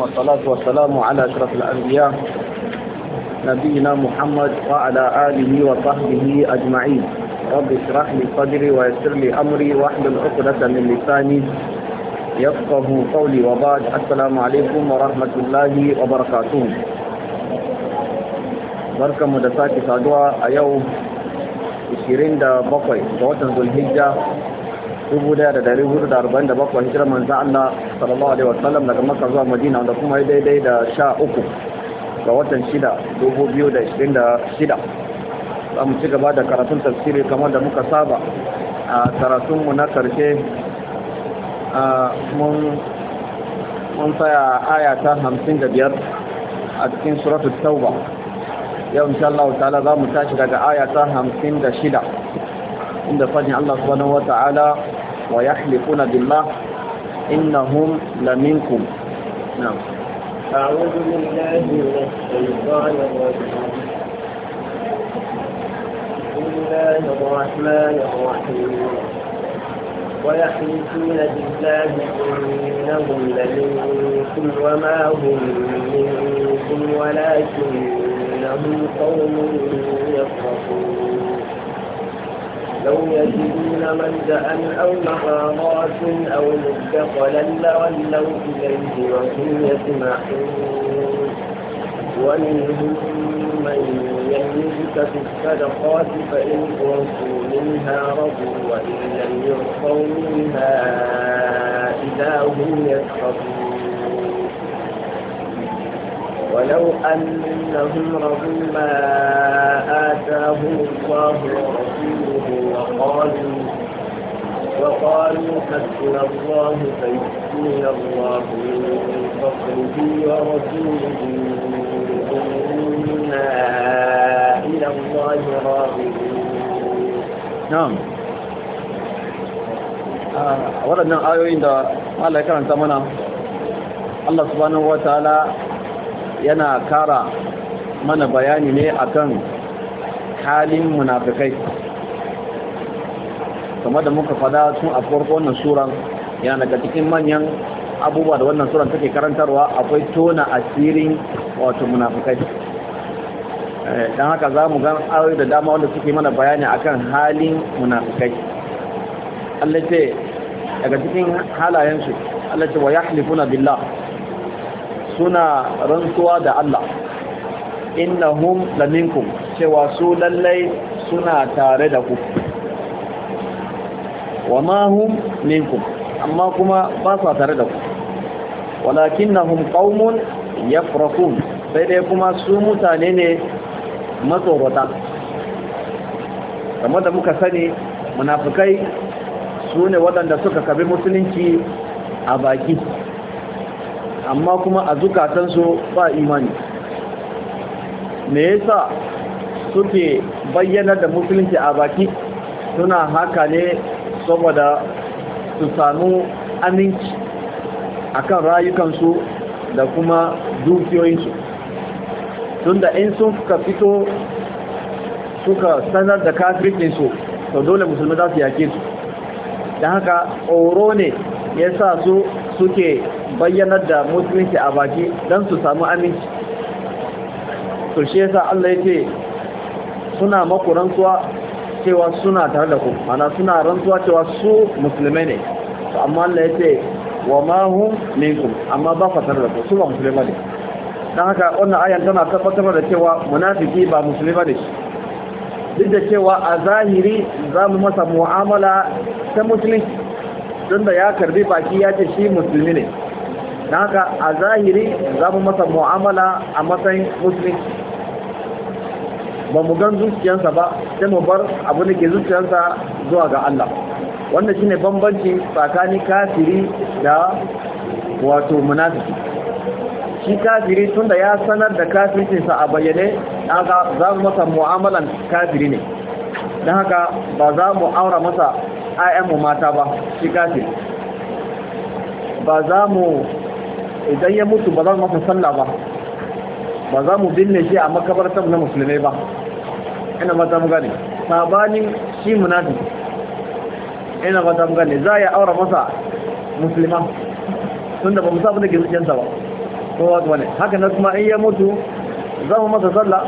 والصلاة والسلام على أشرف الأنبياء نبينا محمد وعلى آله وصحبه أجمعين رب اشرح لي صدري ويسر لي أمري واحلل عقدة من لساني يفقه قولي وبعد السلام عليكم ورحمة الله وبركاته بركة مدساتي صدوى أيوم 27 ga watan 1447 hijirar manzan Allah sallallahu alaihi wasallam daga Makka zuwa Madina wanda kuma daidai da 13 ga watan 6 2026 za mu ci gaba da karatun tafsiri kamar da muka saba a karatunmu na karshe mun tsaya aya ta 55 a cikin suratul tauba yau insha Allah ta'ala za mu tashi daga aya ta 56 inda fadin Allah subhanahu wa ta'ala ويحلفون بالله إنهم لمنكم نعم أعوذ بالله من الشيطان الرجيم بسم الله الرحمن الرحيم ويحلفون بالله إنهم لمنكم وما هم منكم ولكنهم قوم يفرحون لو يجدون ملجأ أو مقامات أو مدخلا لولوا إليه وهم يسمعون ومنهم من يملك في الصدقات فإن أعطوا منها رضوا وإن لم يعطوا منها إذا هم يسخطون ولو أنهم رضوا ما آتاهم الله ورسوله وقالوا وقالوا حسبنا الله فيؤتينا الله من فضله ورسوله إنا إلى الله راغبون نعم waɗannan ayoyin da Allah ya karanta mana Allah subhanahu wa ta'ala yana kara mana bayani ne akan halin munafikai kamar da muka fada tun a farko wannan suran yana daga cikin manyan abubuwa da wannan suran take karantarwa akwai tona asirin wato munafikai eh, dan haka za mu gan ayoyi da dama wanda suke mana bayani akan halin munafikai Allah ce daga cikin halayensu Allah ce wa halifuna billah suna rantsuwa da Allah innahum laminkum cewa su lallai suna tare da ku wa ma hum minkum amma kuma ba su tare da ku walakinnahum qaumun yafraqun sai dai kuma su mutane ne matsorota kamar da muka sani munafikai su ne waɗanda suka kabi musulunci a baki amma kuma a zukatansu ba imani me yasa suke bayyana da musulunci a baki suna haka ne saboda su samu aminci akan rayukansu da kuma dukiyoyinsu tunda in sun suka fito suka sanar da kafirkinsu to dole musulmi za su yake su da haka tsoro ne ya sa su suke bayyanar da musulunci a baki don su samu aminci to shi yasa Allah ce suna maku rantsuwa cewa suna tare da ku mana suna rantsuwa cewa su musulmai ne to amma Allah ya ce wa ma hum minkum amma ba fatar da ku su ba musulmai ne don haka wannan ayan tana tabbatar da cewa munafiki ba musulmai ne duk da cewa a zahiri za mu masa mu'amala ta musulunci Tunda ya karbi baki ya ce shi musulmi ne na haka a zahiri za mu masa mu'amala a matsayin musulmi ba mu gan zuciyarsa ba sai mu bar abu da ke zuciyarsa zuwa ga Allah wanda shine bambanci tsakanin kafiri da wato munafiki shi kafiri tunda ya sanar da kafircinsa a bayyane aga za mu masa mu'amalan kafiri ne don haka ba za mu aura masa mu mata ba shi kafin ba za mu idan ya mutu ba za mu masa sallah ba ba za mu binne shi a makabartar na musulmai ba ina za mu gane sabanin shi munafi ina za mu gane za ya aura masa musulma tun da ba musa ba da gizo zuciyarsa ba kowa ne haka na kuma in ya mutu za mu masa sallah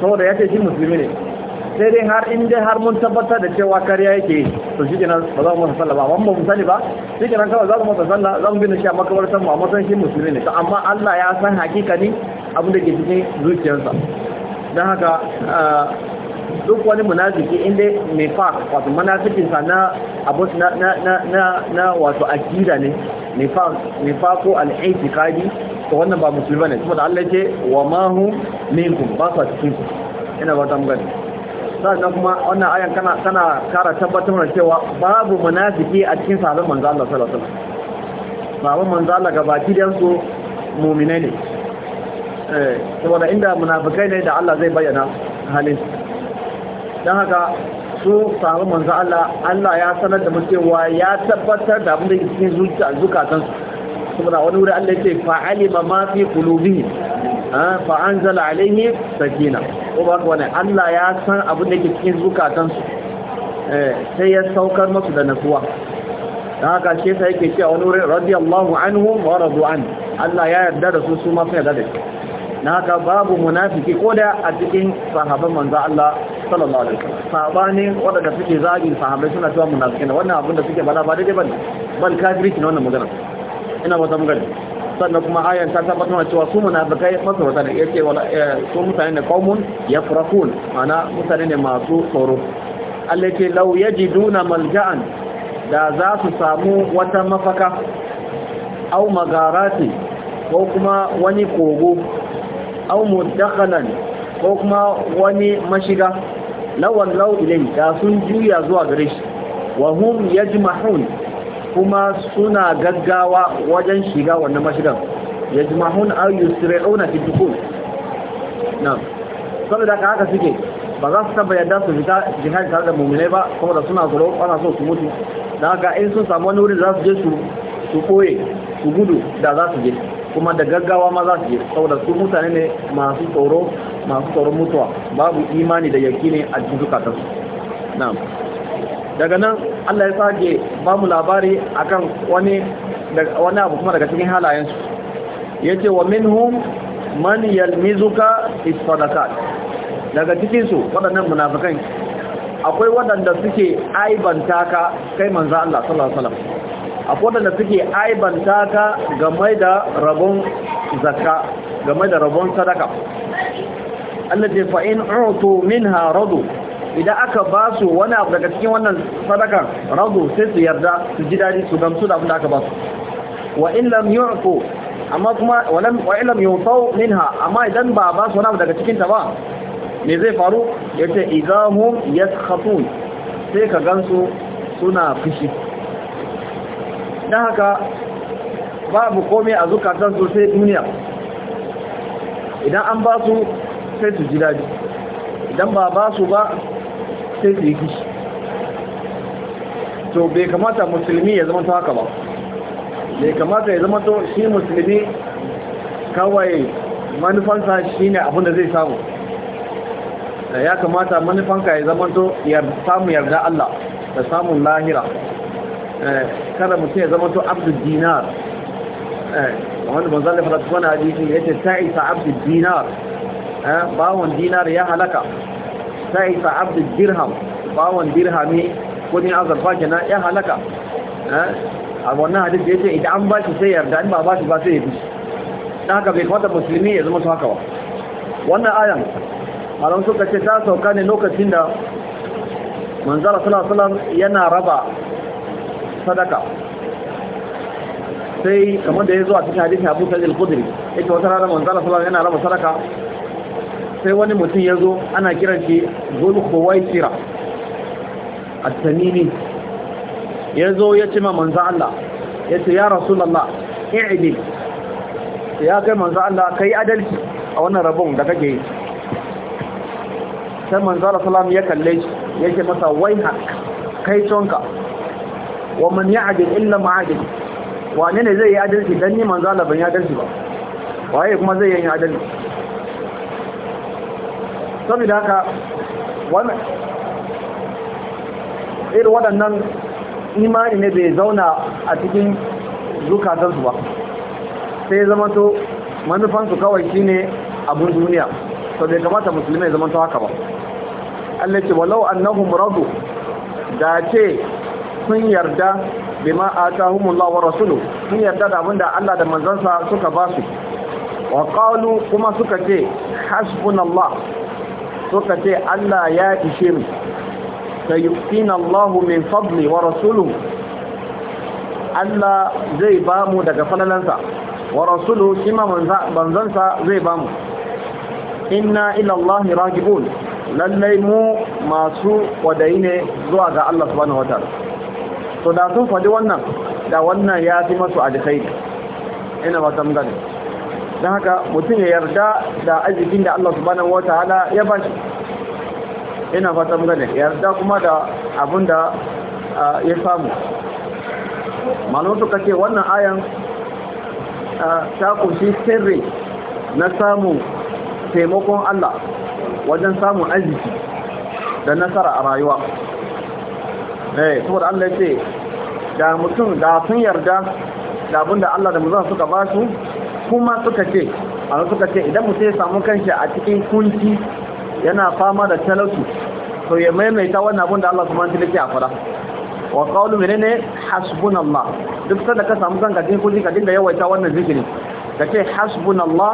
saboda ya ce shi musulmi ne sai dai har in dai har mun tabbatar da cewa kariya yake to shi kenan ba za mu masa sallah ba amma ba mu sani ba shi kenan kawai za mu masa sallah za mu bi shi a makabartar mu a matsayin shi musulmi ne to amma Allah ya san hakikani abin da ke cikin zuciyarsa don haka duk wani munafiki inda mai fa wato sa na abu na na na na wato akida ne mai fa mai fa ko al-i'tiqadi to wannan ba musulmi ne kuma da Allah yake wa ma hum minkum ba sa cikin ina ba ta mu gani sannan kuma wannan ayan kana tana kara tabbatar da cewa babu munafiki a cikin sahabban manzo Allah sallallahu alaihi wasallam sahabban manzo Allah gabaki dan su mu'minai ne eh saboda inda munafikai ne da Allah zai bayyana halin dan haka su sahabban manzo Allah Allah ya sanar da mu cewa ya tabbatar da abin da cikin zuciya zukatansu kubra wani wuri Allah ce yake alima ma fi qulubihim fa anzala alaihim sakina ko ba wani Allah ya san abin da ke cikin zukatansu eh, sai ya saukar musu da nasuwa dan haka shi sai yake cewa wani wuri radiyallahu anhum wa radu an Allah ya yarda da su su ma sai da shi dan haka babu munafiki ko da a cikin sahabban manzo Allah sallallahu alaihi wasallam sahabani wadanda suke zagi sahabbai suna cewa munafiki wannan abin da suke bala ba daidai bane ban kafirci ne wannan magana ina wata magana sannan kuma ayan ta tabbatar mana cewa su masu wata ne yace wala eh, su mutane ne ya furakun mana mutane ne masu tsoro Allah ce law yajiduna malja'an da za su samu wata mafaka au magarati ko kuma wani kogo au mudakhalan ko kuma wani mashiga lawan lau ilin da sun juya zuwa gare shi wa hum yajmahun kuma suna gaggawa wajen shiga wannan mashigan ya ayyus au auna fi dukul na'am saboda ka haka suke ba za su taba yadda su fita jihar tare da mummunai ba kuma da suna tsoro ana so su mutu da haka in sun samu wani wurin za su je su su koye su gudu da za su je kuma da gaggawa ma za su je saboda su mutane ne masu tsoro masu tsoron mutuwa babu imani da ne a cikin zukatansu na'am daga nan Allah ya sake ba mu labari akan wani wani abu kuma daga cikin halayensu yace wa minhum man yalmizuka fi sadaqat daga cikin su waɗannan munafikan akwai waɗanda suke aibanta ka kai manzo Allah sallallahu alaihi wasallam akwai waɗanda suke aibanta ka game da rabon zakka game da rabon sadaka Allah ce fa in utu minha radu idan aka ba su wani abu daga cikin wannan sadakan rago sai su yarda su ji daɗi su gamsu da abin da aka ba su wa in lam yu'tu amma kuma wa in lam yu'tu minha amma idan ba ba su wani abu daga cikin ta ba me zai faru yace idahum yaskhatun sai ka gamsu suna fushi dan haka babu komai a zukatan su sai duniya idan an ba su sai su ji daɗi idan ba ba su ba sai su yi kishi to bai kamata musulmi ya zama haka ba bai kamata ya zama to shi musulmi kawai manufansa shine ne da zai samu ya kamata manufanka ya zama to samun yarda Allah da samun lahira eh, kada mutum ya zama to abdul dinar eh, wanda zalifar da fara hadisi ya ce ta isa abdul dinar eh, bawon dinar ya halaka ta isa abdu dirham bawon dirhami kudin azurfa na ya halaka eh? a wannan hadisi ya ce idan an ba shi sai yarda in ba ba shi ba sai ya fi ta haka bai kamata musulmi ya zama su haka ba wannan ayan malam suka ce ta sauka ne lokacin da manzara salasalam yana raba sadaka sai kamar da ya zo a cikin hadisin abu sa'id al-khudri ita wata rana manzara salasalam yana raba sadaka sai wani mutum ya zo ana kiran shi zulhuwai kira a tamimi ya zo ya ce ma manzan Allah ya ce ya rasulallah ne. ya kai manzan Allah kai adalci a wannan rabon da kake yi sai manzan Allah salam ya kalle shi ya ce masa wai ha, kai tonka wa man ya'adil illa ma'adil wane ne zai yi adalci dan ni manzan Allah ban yi adalci ba waye kuma zai yi adalci saboda haka irin waɗannan imani ne bai zauna a cikin zukatansu ba sai zama to manufansu kawai shine abun duniya to bai kamata musulmai zama to haka ba Allah ce walau annahum radu da ce sun yarda bima atahumullahu wa rasulu sun yarda da abinda Allah da manzansa suka ba su wa kuma suka ce hasbunallah suka ce Allah ya ishe mu sayuqina Allahu min fadli wa rasuluhu Allah zai ba mu daga falalansa wa rasuluhu kima manzansa zai ba mu inna ila Allahi ragibun lallai mu masu kwadayi ne zuwa ga Allah subhanahu wataala to da sun faɗi wannan da wannan ya fi masu alkhairi ina ba ta don haka mutum ya yarda da arzikin da Allah subhanahu wa ta'ala ya ba shi ina fatan gane yarda kuma da abin da ya samu malamu suka ce wannan ayan ta kunshi sirri na samun taimakon Allah wajen samun arziki da nasara a rayuwa eh saboda Allah ya ce da mutum da sun yarda da abin da Allah da mu suka ba su kuma suka ce a suka ce idan mutum ya samu kanshi a cikin kunci yana fama da talauci to ya maimaita wannan abin da Allah kuma wa ta'ala ya fara wa qawlu menene hasbunallah duk sanda ka samu kanka cikin kunci ka dinga yawaita wannan zikiri ka ce hasbunallah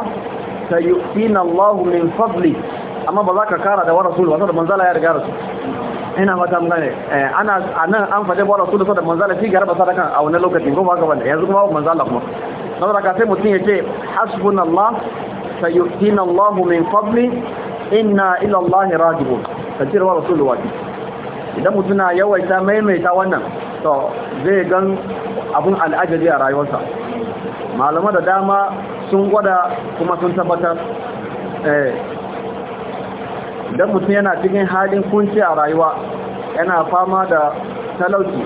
sayu'tina Allah min fadli amma ba za ka kara da wa rasul wa da manzala ya riga rasu ina fata mun gane eh, ana anan an fade ba rasul da manzala shi garba sadaka a wannan lokacin ko ba ka bane yanzu kuma manzala kuma ka sai mutum ya ce hasbunallah sayu'tina Allah min fadli inna ila Allah raji'un kajirwa rasulullah idan mutum na yawaita maimaita wannan to zai gan abun al'ajabi a rayuwarsa malama da dama sun gwada kuma sun tabbatar eh, idan mutum yana cikin halin kunci a rayuwa yana fama da talauci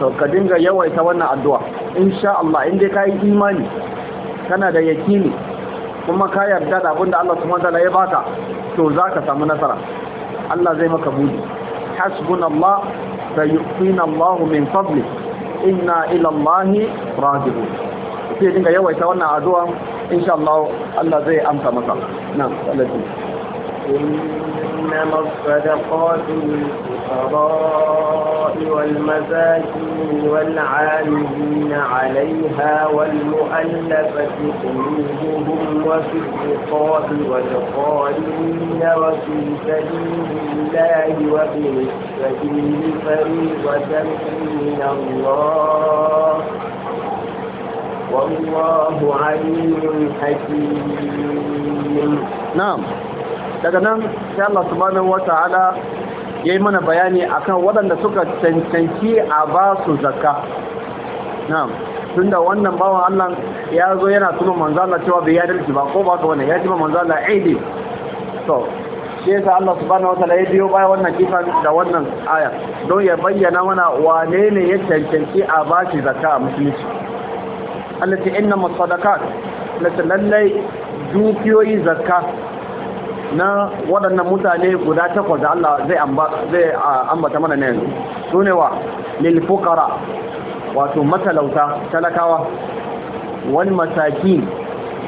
to ka dinga yawaita wannan addu'a insha Allah in dai kai imani kana da yakini kuma ka yarda da abinda Allah subhanahu wataala ya baka to zaka samu nasara Allah zai maka buɗi, hasbunallah sayu'tina Allah min fadli inna ila Allah raji'un sai dinga yawaita wannan addu'a insha Allah Allah zai amsa maka na'am sallallahu إنما الصدقات للفقراء والمساكين والعاملين عليها والمؤلفة قلوبهم وفي الرقاب والقائمين وفي سبيل الله وفي السبيل فريضة من الله والله عليم حكيم نعم daga nan sai Allah subhanahu wataala yayi mana bayani akan waɗanda suka cancanci a ba su zakka na'am tunda wannan bawan Allah ya zo yana tuma manzo Allah cewa bai yadalci ba ko ba ka wannan ya ji manzo Allah aidi to shi yasa Allah subhanahu wataala ya biyo baya wannan kifan da wannan aya don ya bayyana mana wane ne ya cancanci a ba shi zakka a musulunci Allah ta inna masadaqat lallai dukiyoyi zakka na waɗannan mutane guda takwas da Allah zai ambata mana ne su ne wa lilfukara wato matalauta talakawa wani masaki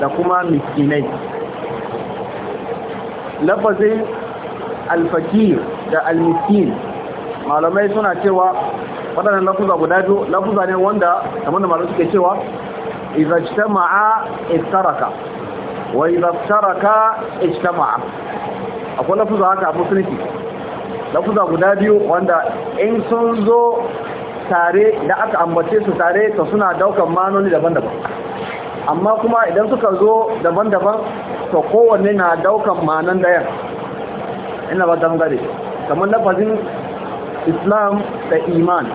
da kuma miskinai lafazin alfakir da almiskin malamai suna cewa waɗannan lafuza guda biyu lafuza ne wanda kamar da malamai suke cewa izajtama'a istaraka wa idza taraka ijtama'a akwai lafuza haka a musulunci lafuza guda biyu wanda in sun zo tare da aka ambace su tare to suna daukan manoni daban-daban amma kuma idan suka zo daban-daban to kowanne na daukan manan daya ina ba dan gare kamar lafazin islam da iman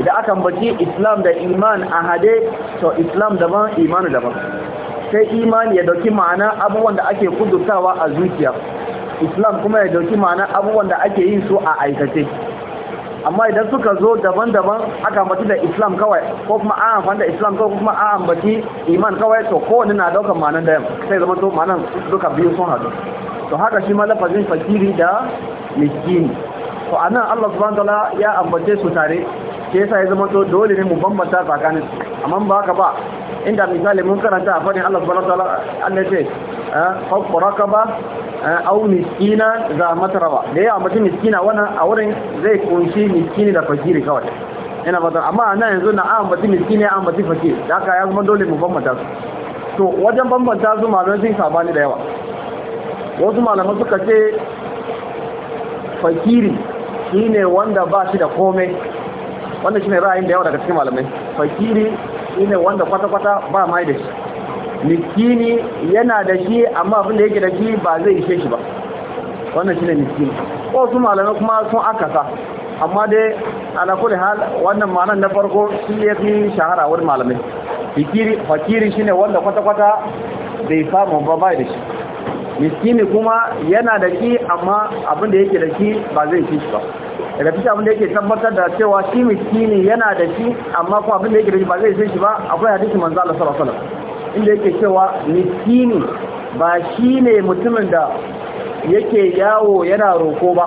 idan aka ambace islam da iman a hade to islam daban imanu daban sai imani ya dauki ma'ana abubuwan da ake kudurtawa a zuciya islam kuma ya dauki ma'ana abubuwan da ake yin su a aikace amma idan suka zo daban-daban aka mutu da islam kawai ko kuma a amfani da islam kawai kuma a ambaci iman kawai to kowanne na daukan ma'anan da sai zama to ma'anan duka biyu sun haɗu to haka shi ma lafazin fakiri da miskini to anan Allah subhanahu ya ambace su tare sai yasa ya zama to dole ne mu bambanta tsakanin amma ba haka ba inda misali mun karanta a fadin Allah subhanahu wataala Allah ce faqqa eh, raqaba eh, au miskina za matrawa da ya mutum miskina wannan a wurin zai kunshi miskini da fakiri kawai ina fata amma ana yanzu na an mutum miskini an mutum fakiri da haka ya zama dole mu bambanta su to wajen bambanta su malamai sun sabani da yawa wasu malamai suka ce fakiri shine wanda ba shi da komai wannan shine ra'ayin da yawa daga cikin malamai fakiri shine wanda kwata-kwata ba mai da shi miskini yana da shi amma abin da yake da shi ba zai ishe shi ba wannan shine miskini ko su malamai kuma sun akasa amma dai ala kulli hal wannan ma'anar na farko shi ya fi shahara wurin malamai fikiri fakiri shine wanda kwata-kwata bai samu ba bai da shi miskini kuma yana da shi amma abin da yake da shi ba zai ishe shi ba daga cikin abin da yake tabbatar da cewa shi miskini yana da shi amma kuma abin da yake da shi ba zai sai shi ba akwai hadisi manzo Allah sallallahu alaihi wasallam inda yake cewa miskini ba shi ne mutumin da yake yawo yana roko ba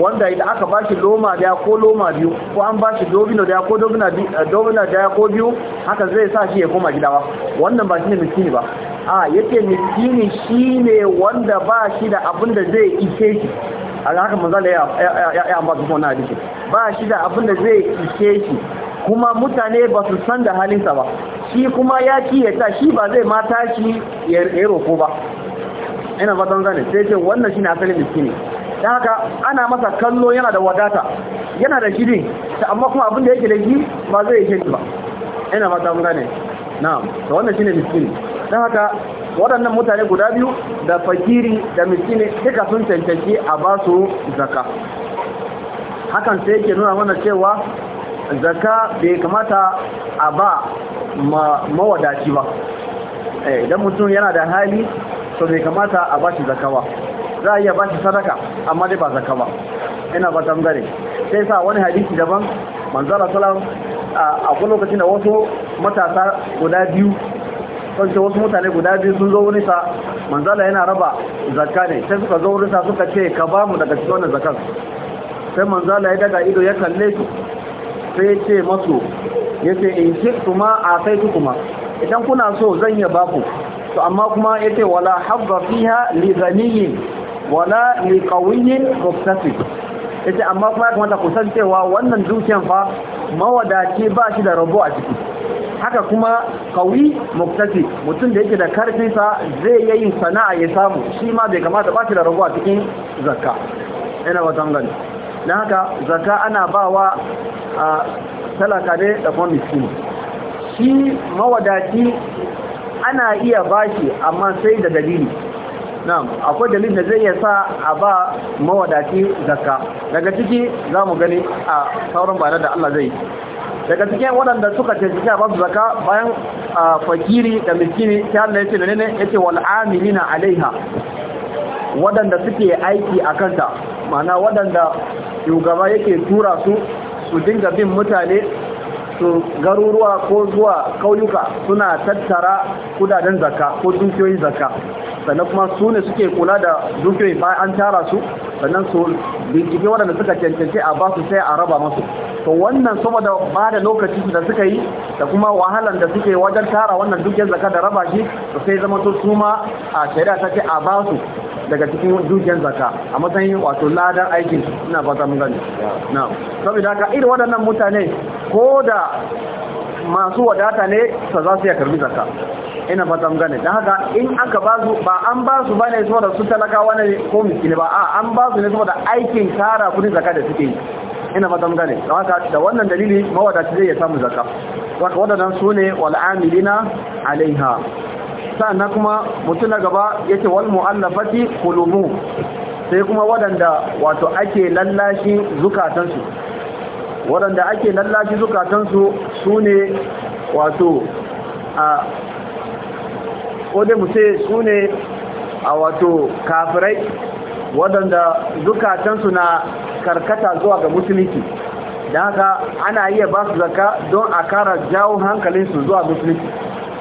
wanda idan aka ba shi loma da ko loma biyu ko an ba shi dobino da ko eh, domino daya ko biyu haka zai sa shi ya koma gida ba wannan ba shi ne miskini ba a yake miskini shi ne wanda ba shi da abin da zai ishe shi a haka manzala ya ambata kuma na hadisi ba shi da abin da zai ishe shi kuma mutane ba su san da halinsa ba shi kuma ya kiyata shi ba zai mata shi ya roko ba ina fatan zane sai ce wannan shi ne asalin miskini ta haka ana masa kallo yana da wadata yana da shirin amma kuma abin da yake da shi ba zai ishe shi ba ina fatan zane na wannan shi ne miskini ta haka waɗannan mutane guda biyu da fakiri da miskini duka sun cancanci a ba su zaka hakan sai yake nuna mana cewa zaka bai kamata a ba mawadaci ba eh, idan mutum yana da hali to bai kamata a ba shi zaka ba za a iya ba shi sadaka amma dai ba zaka ba ina ba tambare sai sa wani hadisi daban manzara salam a lokacin da wasu matasa guda biyu sun wasu mutane guda biyu sun zo wurin sa manzala yana raba zakka ne sai suka zo wurin sa suka ce ka ba mu daga cikin zaka sai manzala ya daga ido ya kalle su sai ya ce masu ya ce in ce kuma a sai ku kuma idan kuna so zan ya baku to amma kuma ya ce wala habba fiha li wala li qawiyyin ce amma kuma kamata ku san cewa wannan dukiyan fa mawadaci ba shi da rabo a ciki haka kuma kawi muktafi mutum da yake da karfinsa zai yi sana'a ya samu shi ma bai kamata ba shi da rabo a cikin zakka ina ba gani dan haka zakka ana bawa a talaka ne da kuma miskini shi mawadaci ana iya bashi amma sai da dalili na'am akwai dalilin da zai iya sa a ba mawadaci zakka daga ciki za mu gani a sauran bayanan da Allah zai daga cikin waɗanda suka cancanci a basu zaka bayan fakiri da miskini sai Allah ya ce da nene ya ce wal amilina alaiha waɗanda suke aiki a kanta ma'ana waɗanda shugaba yake tura su su dinga bin mutane su garuruwa ko zuwa kauyuka suna tattara kudaden zakka ko dukiyoyin zakka sannan kuma su ne suke kula da dukiyoyi bayan an tara su sannan su bincike waɗanda suka cancanci a ba sai a raba masu to wannan saboda ba da lokaci da suka yi da kuma wahalan da suke wajen tara wannan dukiyar zaka da raba shi to sai zama to su ma a shari'a ta ce a ba su daga cikin dukiyar zaka. a matsayin wato ladan aikin ina fata mun gani na saboda haka irin waɗannan mutane ko da masu wadata ne su za su ya karbi zaka ina fata mu gane haka in aka ba su ba an ba su bane saboda su talakawa ne ko miskini ba a an ba su ne saboda aikin tara kudin zaka da suke yi ina fata mu gane haka da wannan dalili mawadaci zai ya samu zaka haka wadannan su ne wal amilina alaiha sannan kuma mutum na gaba yace wal mu'allafati qulubu sai kuma wadanda wato ake lallashi zukatansu wadanda ake lallashi zukatansu sune wato a ko dai mu ce su ne a wato kafirai waɗanda zukatansu na karkata zuwa ga musulunci da haka ana iya ba su zaka don a kara jawo hankalinsu zuwa musulunci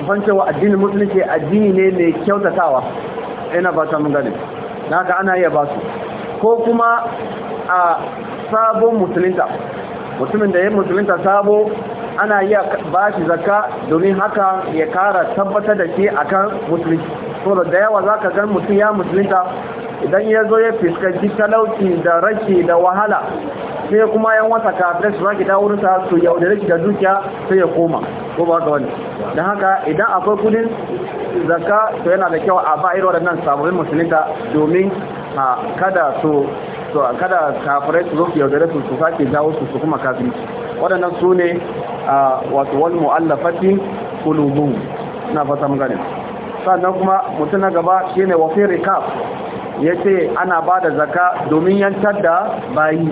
ban cewa addinin musulunci addini ne mai kyautatawa ina ba ta mun gane da haka ana iya ba su ko kuma a sabon musulunta mutumin da ya musulunta sabo ana iya ba shi zakka domin haka ya kara tabbatar da shi akan musulunci saboda da yawa za ka gan mutum ya musulunta idan ya zo ya fiskanci talauci da rashi da wahala sai kuma yan wata kafin su raki da wurinsa su yaudare shi da zuciya sai ya koma ko ba ga wani don haka idan akwai kudin zakka to yana da kyau a ba irin waɗannan sababbin musulunta domin kada su so kada kafirai su zo su yaudare su su sake jawo su su kuma kafirci waɗannan su ne wasu wani mu'allafati kulubu ina fata mun gane sannan kuma mutum na gaba shine wa rikaf Ya ce ana ba da zaka domin yantar da bayi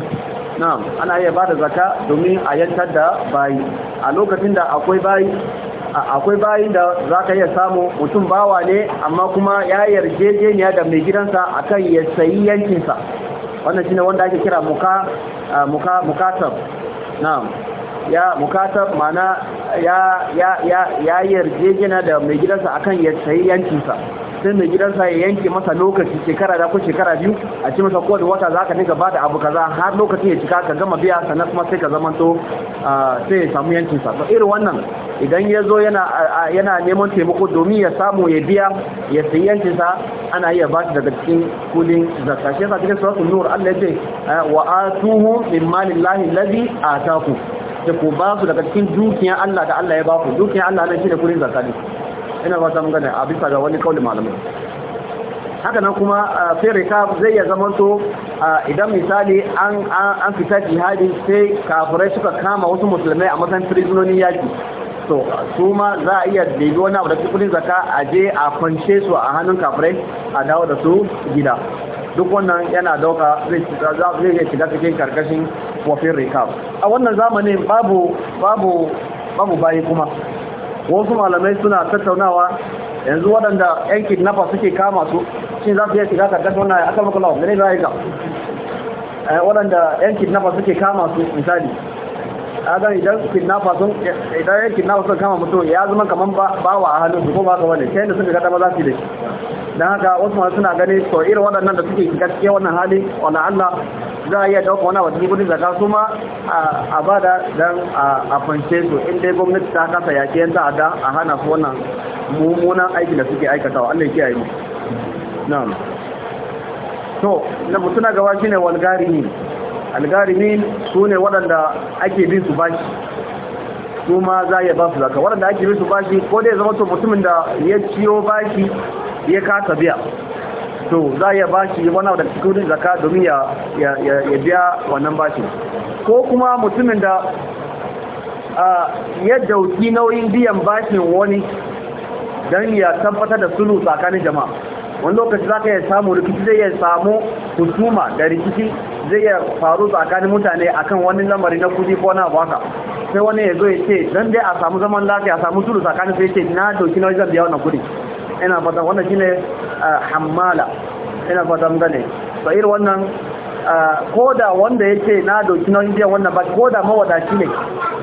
na'am ana iya ba da zaka domin a yantar da bayi a lokacin da akwai bayi akwai bayi da za ka iya samu mutum bawa ne amma kuma ya yarjejeniya da mai gidansa akan ya sayi yankinsa wannan shine wanda ake kira muka muka mukatab na'am ya mukatab mana ya ya ya yarjejina da mai gidansa akan ya sayi yancinsa sai mai gidansa ya yanke masa lokaci shekara da ko shekara biyu a ce masa kowane wata za ka dinga bada abu kaza har lokacin ya cika ka gama biya sannan kuma sai ka zamanto sai ya samu yancinsa to irin wannan idan ya zo yana neman taimako domin ya samu ya biya ya sayi yancinsa ana iya ba shi daga cikin kulin zakka shi yasa cikin suratul nur Allah ya ce wa atuhu min lahi allazi ataku da ku ba su daga cikin dukiyar Allah da Allah ya ba ku dukiyar Allah na shi da kulin zakka ne ina ba ta mun gane a bisa ga wani kawai malamai Hakanan kuma sai rikab zai ya to idan misali an fita jihadi sai kafurai suka kama wasu musulmai a matsayin prisonin yaki to su ma za a iya daidai wani abu da kudin zaka a je a kwance su a hannun kafurai a dawo da su gida duk wannan yana dauka zai zai shiga cikin karkashin wafin rikaf a wannan zamanin babu babu babu bayi kuma wasu malamai suna tattaunawa yanzu waɗanda yan kidnapper suke kama su shi za su iya shiga karkashin wannan ya aka makalawa ne za a yi ka eh, waɗanda yan kidnapper suke kama su misali kaga idan kidnapper sun idan yan kidnapper sun kama mutum ya zama kaman ba a hannu su ko ba ka wani sai da suka ga dama za su da dan haka wasu masu suna gani to irin waɗannan da suke gaskiya wannan hali wala Allah za a iya ɗauka wani wajen gudun zaka su ma a ba da dan a fance su in dai gwamnati ta kasa yaƙi yan za a da a hana su wannan mummunan aiki da suke aikatawa Allah ya kiyaye mu na'am to na mutuna gaba shine walgari ne algarimi su ne waɗanda ake bin su bashi su ma za yi ba su zaka waɗanda ake bin su bashi ko dai zama to mutumin da ya ciyo bashi ya kasa biya to za a ya bashi wani da cikin zaka domin ya biya wannan bashi ko kuma mutumin da ya dauki nauyin biyan bashin wani don ya tabbatar da sulu tsakanin jama'a wani lokaci za ka yi samu rikici zai yi samu husuma da rikici zai yi faru tsakanin mutane akan wani lamari na kudi ko na baka sai wani ya zo ya ce don dai a samu zaman lafiya a samu tulu tsakanin sai ce na doki na wajen biya wannan kudi ina fata wannan shine eh, hammala ina fata mu gane tsayir wannan Koda wanda yake na doki na biyan wannan ba koda da mawadaci ne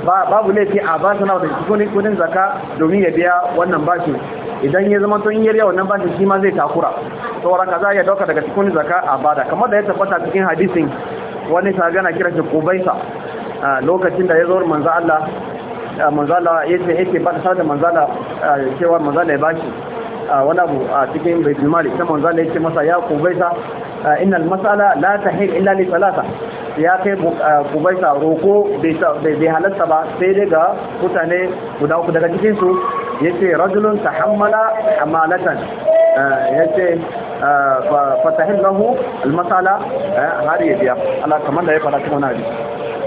babu laifi a ba su na wadda cikin kudin zaka domin ya biya wannan bashi idan ya zama tun in yarya wannan bashi shi ma zai takura saboda ka za ya dauka daga cikin zaka a bada kamar da ya tabbata cikin hadisin wani gana kira shi kubaisa lokacin da ya zo manzo Allah manzo Allah yace ba da manzo Allah cewa manzo Allah ya bashi wani abu a cikin baitul mali sai manzo Allah yace masa ya kubaisa innal mas'ala la tahil illa li salasa ya kai kubaita roko bai halatta ba sai dai ga mutane guda uku daga cikin su yace rajulun tahammala ya ce fatahil lahu almasala har ya biya ala kamar da ya fara cikin wannan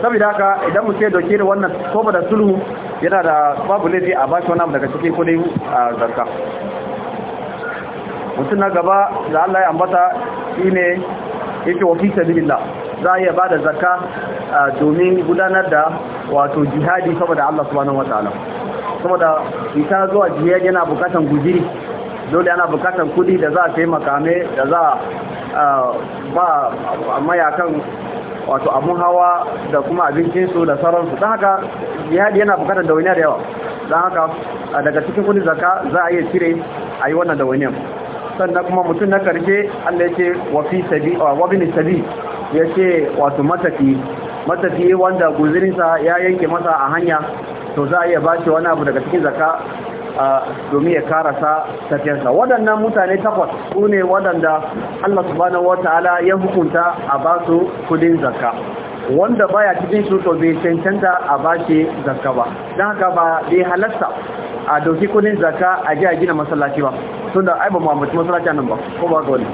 saboda haka idan mu sai doke da wannan soba da sulhu yana da babu laifi a bashi wani daga cikin kudin zakka mutum na gaba da Allah ya ambata shine yake wa fi sabilillah za ya bada zakka domin gudanar da wato jihadi saboda Allah subhanahu wataala saboda ita zuwa jihadi yana bukatan gujiri dole ana bukatan kudi da za a kai makame da za a ba mayakan wato abun hawa da kuma abincinsu da sauransu don haka jihadi yana bukatan dawainiya da yawa don haka daga cikin kudi zaka za a iya cire a yi wannan dawainiyar sannan kuma mutum na karshe Allah ya wa fi sabi wa bin sabi yace wato matafi matafi wanda guzurinsa ya yanke masa a hanya to za a iya shi wani abu daga cikin zaka domin ya karasa tafiyarsa waɗannan mutane takwas su ne waɗanda Allah subhanahu wataala ya hukunta a basu kudin zakka wanda baya cikin su to bai cancanta a bashi zakka ba don haka ba bai halasta a dauki kudin zakka a ji a gina masallaci ba tun da aiba mamaci masallaci nan ba ko ba ga wani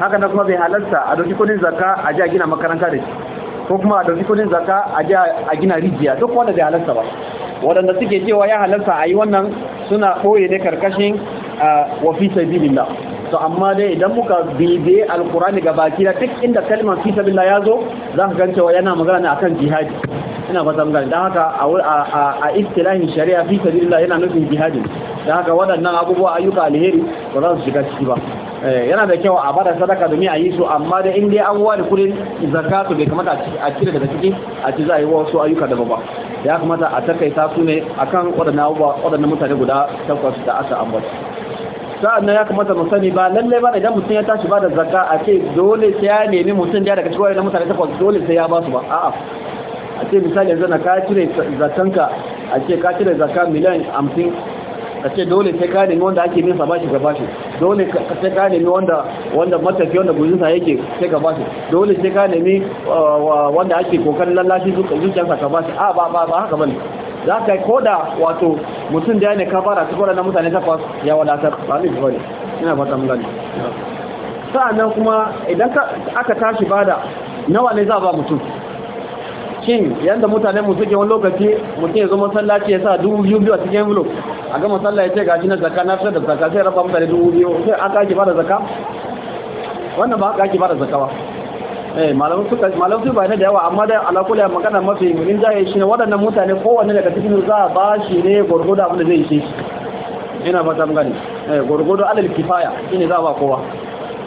haka na kuma bai halasta a dauki kudin zakka a ji a gina makaranta da shi ko kuma a dauki kudin zakka a ji a gina rijiya duk wanda bai halasta ba waɗanda suke cewa ya halasta a yi wannan suna ɓoye ne karkashin ah, wafi sabilillah to amma dai idan muka bibe alkurani ga baki da duk inda kalmar fi sabilillah ya zo za ka gancewa yana magana ne akan jihadi ina fata gani. dan haka a istilahin shari'a fi sabilillah yana nufin jihadi dan haka waɗannan abubuwa ayyuka alheri ba za su shiga ciki ba eh, yana da kyau a bada sadaka domin a yi su amma dai in dai an ware kudin zakatu bai kamata a cire daga ciki a ci za a yi wasu ayyuka da ba ya kamata a takaita su ne akan waɗannan mutane guda takwas da aka ambata nan ya kamata mu sani ba lalle ba idan mutum ya tashi ba da zakka a ce dole sai ya nemi mutum da daga cikin wayannan mutane takwas dole sai ya ba su ba a'a a ce misali yanzu na ka cire zakkanka a ce ka cire zakka miliyan hamsin a ce dole sai ka nemi wanda ake nesa bashi ka bashi dole sai ka nemi wanda wanda matafi wanda gujinsa yake sai ka bashi dole sai ka nemi uh, wanda ake kokarin lallashi zuciyarsa ka bashi a ba ba ba haka bane za ka ko da wato mutum da ya ne kafara su kodan mutane takwas ya wadatar ba zuwa ne ina fata mun gani sa'annan kuma idan aka tashi bada nawa ne za ba mutum shin yadda mutane mu suke wani lokaci mutum ya zo masallaci ya sa dubu biyu biyu a cikin envelope a ga masallaci ya ce gashi na zaka na fitar da zaka sai raba mutane dubu biyu sai aka ake bada zaka wannan ba aka ake bada zaka ba eh ba suka malamu da yawa amma da alakula magana mafi yin jaye shi ne waɗannan mutane kowanne daga cikin za a ba shi ne gurgudu abinda zai ishe shi ina fata mun gani eh gurgudu alal kifaya shine za a ba kowa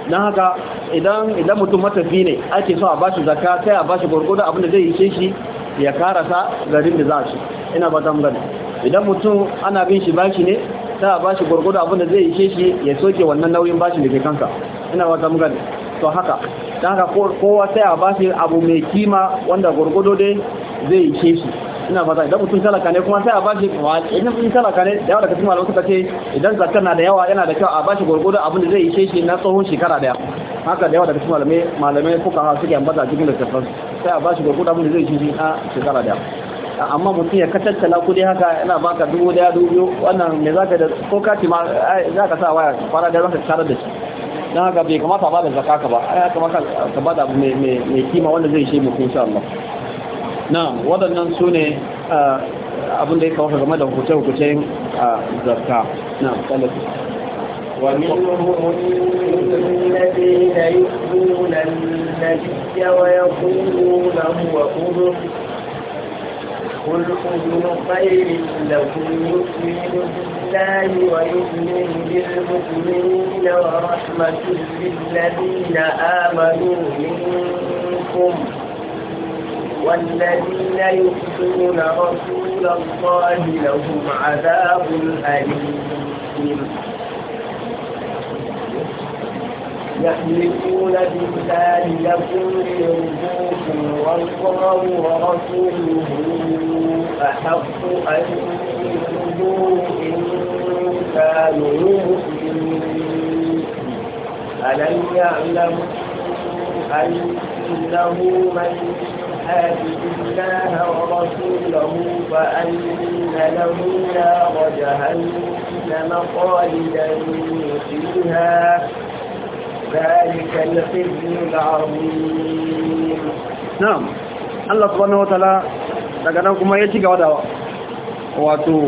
Na haka idan idan mutum matafi ne ake so a ba shi zakka sai a ba shi gurgudu abinda zai ishe shi ya karasa garin da za shi ina fata mun gani idan mutum ana bin shi bashi ne sai a ba shi gurgudu abinda zai ishe shi ya soke wannan nauyin bashi da ke kansa ina fata mun gani to haka don haka kowa sai a ba shi abu mai kima wanda gwargwado dai zai yi ke shi ina fata idan mutum talaka ne kuma sai a bashi idan mutum talaka ne da yawa daga cikin malamai suka ce idan zakar na da yawa yana da kyau a bashi gwargwado abin da zai yi shi na tsohon shekara daya haka da yawa daga cikin malamai malamai kuka ha suke ambata cikin littafin sai a bashi gwargwado abin da zai yi shi na shekara daya amma mutum ya katattala kudi haka yana baka dubu daya dubu biyu wannan me zaka da ko kati ma za ka sa waya fara da zaka tsara da shi na haka bai kamata ba da zaka ka ba ai kamar ka ba da mai kima wanda zai shi mutum insha Allah na'am wadannan sune abin da ya kawo game da hukuce a zakka na'am kallon ومنهم الذين يؤذون النبي ويقولون هو أذن قل أذن خير لكم يؤمن بالله ويؤمن بالمؤمنين ورحمة للذين آمنوا منكم والذين يؤمنون رسول الله لهم عذاب أليم يحلفون بالله لكم ليرجوكم والله ورسوله أحق أن يرجوه إن كانوا مؤمنين ألم يعلم أنه من يحارب الله ورسوله فأن له نار جهنم خالدا فيها ذلك الخزي العظيم نعم الله سبحانه وتعالى daga nan kuma ya ci gaba da wato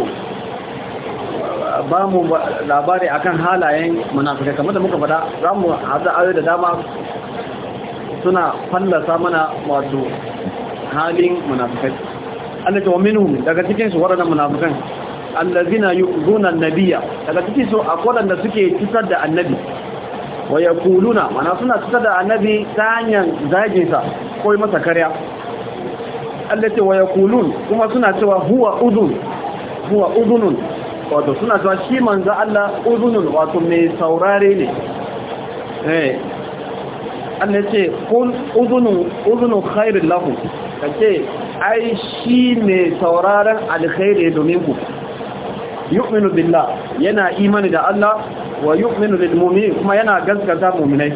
ba mu labari akan halayen munafika kamar da muka faɗa za mu haɗa ayoyi da dama suna fallasa mana wato halin munafikai Allah ta wa minhum daga cikin su waɗannan munafikan allazina yu'zuna an-nabiyya daga cikin su akwai wanda suke cutar da annabi wa kuluna, mana suna tsada da annabi ta hanyar zagin ko yi masa karya Allah ce wa kulun kuma suna cewa huwa uzun huwa uzunun wato suna cewa shi manzo Allah uzunun wato mai saurare ne eh Allah ce kun udhunun udhunun khairul lahu kace ai shi mai sauraren alkhairi domin ku yu'minu billah yana imani da Allah wa yu'minu lil mu'minin kuma yana gaskata mu'minai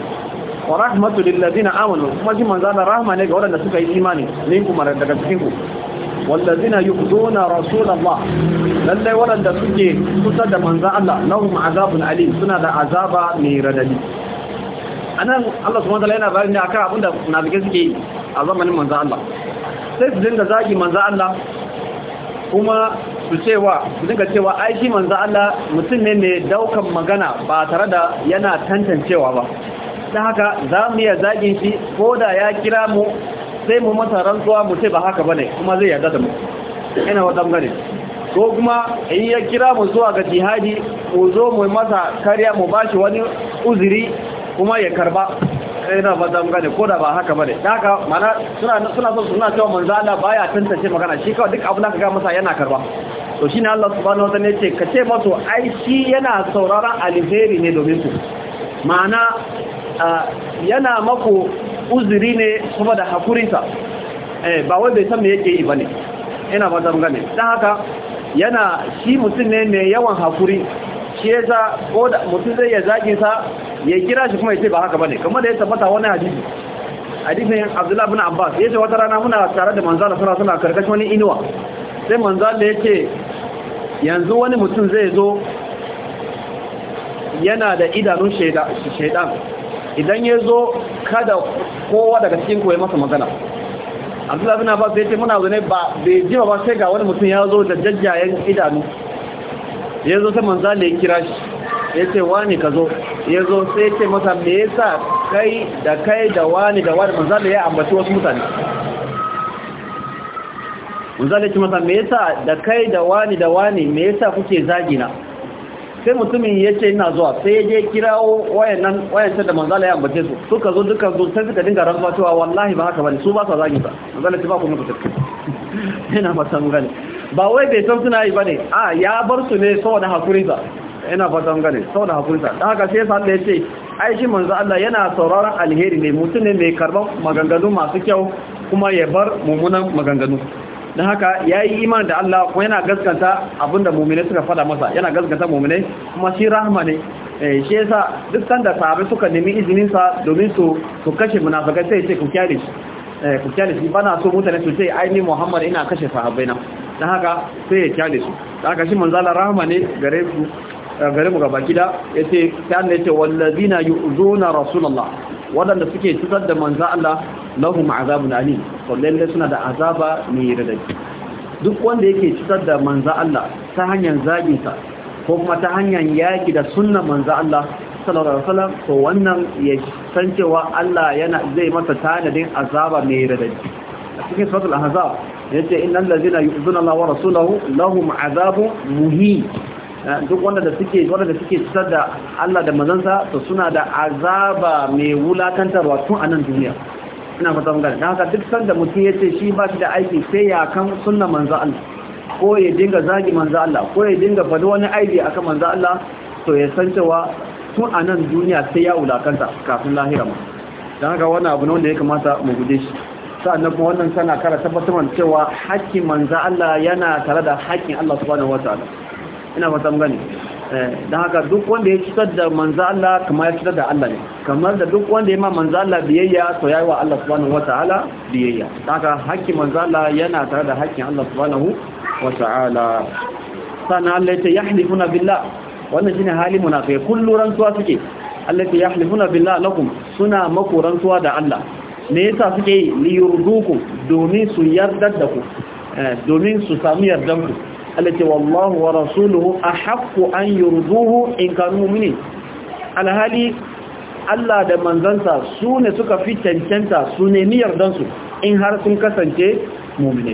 wa rahmatu lil ladina amanu kuma shi manzo da rahma ne ga wadanda suka yi imani ne kuma daga cikin ku wallazina yuqduna rasulullah lalle wadanda suke kusa da manzo Allah lahum azabun alim suna da azaba mai radadi anan Allah subhanahu wa ta'ala yana bayani akan abinda munafike suke a zamanin manzo Allah sai su dinga zagi manzo Allah kuma su cewa su dinga cewa aiki manzo Allah mutum ne mai daukan magana ba tare da yana tantancewa ba dan haka za mu iya zagin shi ko da ya kira mu sai mu masa rantsuwa mu ce ba haka bane kuma zai yarda da mu ina wata gane ko kuma in ya kira mu zuwa ga jihadi mu zo mu masa kariya mu bashi wani uzuri kuma ya karba ɗaya na banza gane ko da ba haka bane da haka mana suna suna son suna cewa manzo Allah baya tantance magana shi kawai duk abin da ka ga masa yana karba to shine Allah subhanahu wataala ya ce ka ce masu ai shi yana sauraron alheri ne domin ku ma'ana yana mako uzuri ne saboda hakurinsa eh ba wai bai san me yake yi bane ina ba zan gane dan haka yana shi mutum ne mai yawan hakuri shi yasa ko da mutum zai ya zagin sa ya kira shi kuma ya ce ba haka bane kamar da ya tabbata wani hadisi hadisin Abdullahi bin Abbas yace wata rana muna tare da manzo Allah suna karkashin wani inuwa sai manzo Allah yace yanzu wani mutum zai zo yana da idanun shaidan idan ya zo kada kowa daga cikin koyi masa magana abdullahi bin abbas ya ce muna zane ba bai ji ba sai ga wani mutum ya zo da jajjayen idanu ya zo sai manza ya kira shi ya ce wani ka zo ya zo sai ce masa me yasa kai da kai da wani da wani manzala ya ambaci wasu mutane manzala ce masa me yasa da kai da wani da wani me yasa kuke zagina sai mutumin ya ce ina zuwa sai ya je kirawo wayannan wayancan da manzala ya ambace su suka zo duka zo sai suka dinga rantsuwa cewa wallahi ba haka bane su ba sa zagi ba manzala ce ba ku mutu ina ba san gani ba wai bai san suna yi bane a ya bar su ne saboda ba ina fatan gane saboda hakunsa ta haka sai sa da ce ai shi manzo Allah yana sauraron alheri ne mutum ne mai karban maganganu masu kyau kuma ya bar mummunan maganganu dan haka yayi iman da Allah kuma yana gaskanta abinda mu'mini suka fada masa yana gaskanta mu'mini kuma shi rahma ne eh, shi yasa duk sanda sahabbai suka nemi izinin sa domin su su kashe munafikai sai ce ku kyale shi eh ku kyale shi bana so mutane su ce ai ni Muhammad ina kashe sahabbai na dan haka sai ya kyale su dan haka shi manzala ne gare su gare mu gaba gida ya ce ta ne ce wallazina yu'zuna rasulallah waɗanda suke cutar da manza Allah lahum azabun alim kullun suna da azaba mai radadi duk wanda yake cutar da manza Allah ta hanyar zagin ko kuma ta hanyar yaki da sunan manza Allah sallallahu alaihi wasallam to wannan ya san cewa Allah yana zai masa tanadin azaba mai radadi a cikin suratul ahzab yace innal ladzina yu'zuna Allah wa rasulahu lahum azabun muhin Eh, duk wanda suke wanda da suke da Allah da manzansa to suna da azaba mai wulakantarwa tun a nan duniya ina fata mun gane dan haka duk sanda mutum yace shi ba shi da aiki sai ya kan sunna manzo Allah ko ya dinga zagi manzo Allah ko ya dinga fadi wani aibi akan manzo Allah to ya san cewa tun a nan duniya sai ya wulakanta kafin lahira ma dan haka wannan abu ne wanda ya kamata mu guje shi sa'annan kuma wannan tana kara tabbatar cewa haƙƙin manzo Allah yana tare da haƙƙin Allah subhanahu wataala ina fatan gani eh, don haka duk wanda ya cutar da manzo Allah kamar ya cutar da Allah ne kamar da duk wanda ya ma manzo Allah biyayya to yayi wa Allah subhanahu wataala biyayya don haka hakkin manzo Allah yana tare da hakkin Allah subhanahu wataala sana Allah ya yahlifuna billah wannan shine hali munafiki kullu rantsuwa suke Allah ya yahlifuna billah lakum suna maku rantsuwa da Allah me yasa suke yi liyurduku domin su yarda da ku eh, domin su samu ku? Allah ce wallahu wa rasuluhu ahaqqu an yurduhu in kanu mu'minin alhali Allah da manzansa su ne suka fi cancanta su nemi yardansu in har sun kasance mummune